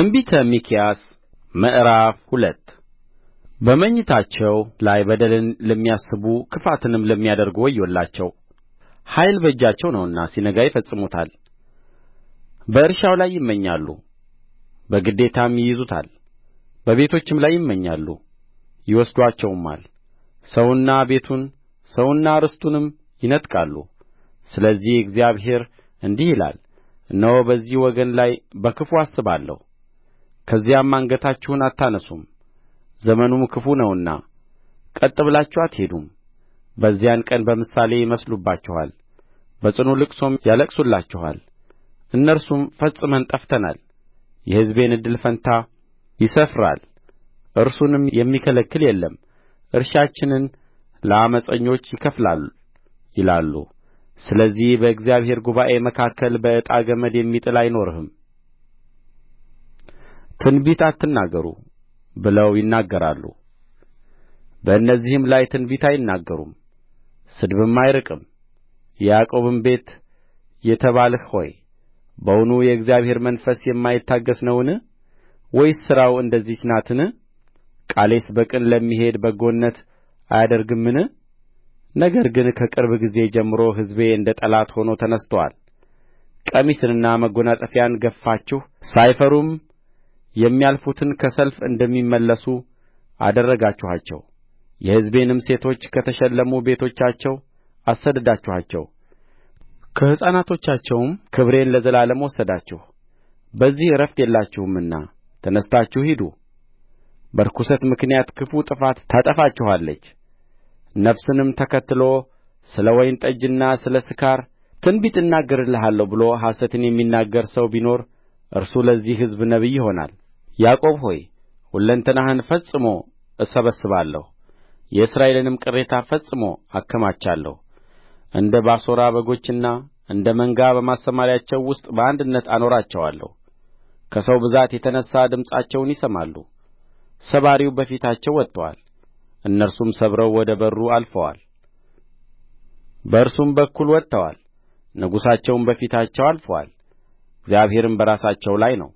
ትንቢተ ሚክያስ ምዕራፍ ሁለት በመኝታቸው ላይ በደልን ለሚያስቡ ክፋትንም ለሚያደርጉ ወዮላቸው ኃይል በእጃቸው ነውና ሲነጋ ይፈጽሙታል በእርሻው ላይ ይመኛሉ በግዴታም ይይዙታል በቤቶችም ላይ ይመኛሉ ይወስዱአቸውማል ሰውንና ቤቱን ሰውንና ርስቱንም ይነጥቃሉ ስለዚህ እግዚአብሔር እንዲህ ይላል እነሆ በዚህ ወገን ላይ በክፉ አስባለሁ ከዚያም አንገታችሁን አታነሡም ዘመኑም ክፉ ነውና ቀጥ ብላችሁ አትሄዱም በዚያን ቀን በምሳሌ ይመስሉባችኋል በጽኑ ልቅሶም ያለቅሱላችኋል እነርሱም ፈጽመን ጠፍተናል የሕዝቤን እድል ፈንታ ይሰፍራል እርሱንም የሚከለክል የለም እርሻችንን ለዓመፀኞች ይከፍላል ይላሉ ስለዚህ በእግዚአብሔር ጉባኤ መካከል በዕጣ ገመድ የሚጥል አይኖርህም ትንቢት አትናገሩ ብለው ይናገራሉ በእነዚህም ላይ ትንቢት አይናገሩም ስድብም አይርቅም የያዕቆብም ቤት የተባልህ ሆይ በውኑ የእግዚአብሔር መንፈስ የማይታገሥ ነውን ወይስ ሥራው እንደዚች ናትን ቃሌስ በቅን ለሚሄድ በጎነት አያደርግምን ነገር ግን ከቅርብ ጊዜ ጀምሮ ሕዝቤ እንደ ጠላት ሆኖ ተነሥቶአል ቀሚስንና መጐናጸፊያን ገፋችሁ ሳይፈሩም የሚያልፉትን ከሰልፍ እንደሚመለሱ አደረጋችኋቸው የሕዝቤንም ሴቶች ከተሸለሙ ቤቶቻቸው አሳደዳችኋቸው ከሕፃናቶቻቸውም ክብሬን ለዘላለም ወሰዳችሁ በዚህ ዕረፍት የላችሁምና ተነሥታችሁ ሂዱ በርኵሰት ምክንያት ክፉ ጥፋት ታጠፋችኋለች ነፍስንም ተከትሎ ስለ ወይን ጠጅና ስለ ስካር ትንቢት እናገርልሃለሁ ብሎ ሐሰትን የሚናገር ሰው ቢኖር እርሱ ለዚህ ሕዝብ ነቢይ ይሆናል ያዕቆብ ሆይ ሁለንተናህን ፈጽሞ እሰበስባለሁ የእስራኤልንም ቅሬታ ፈጽሞ አከማቻለሁ እንደ ባሶራ በጎችና እንደ መንጋ በማሰማርያቸው ውስጥ በአንድነት አኖራቸዋለሁ ከሰው ብዛት የተነሣ ድምፃቸውን ይሰማሉ ሰባሪው በፊታቸው ወጥቶአል እነርሱም ሰብረው ወደ በሩ አልፈዋል በእርሱም በኩል ወጥተዋል ንጉሣቸውም በፊታቸው አልፎአል እግዚአብሔርም በራሳቸው ላይ ነው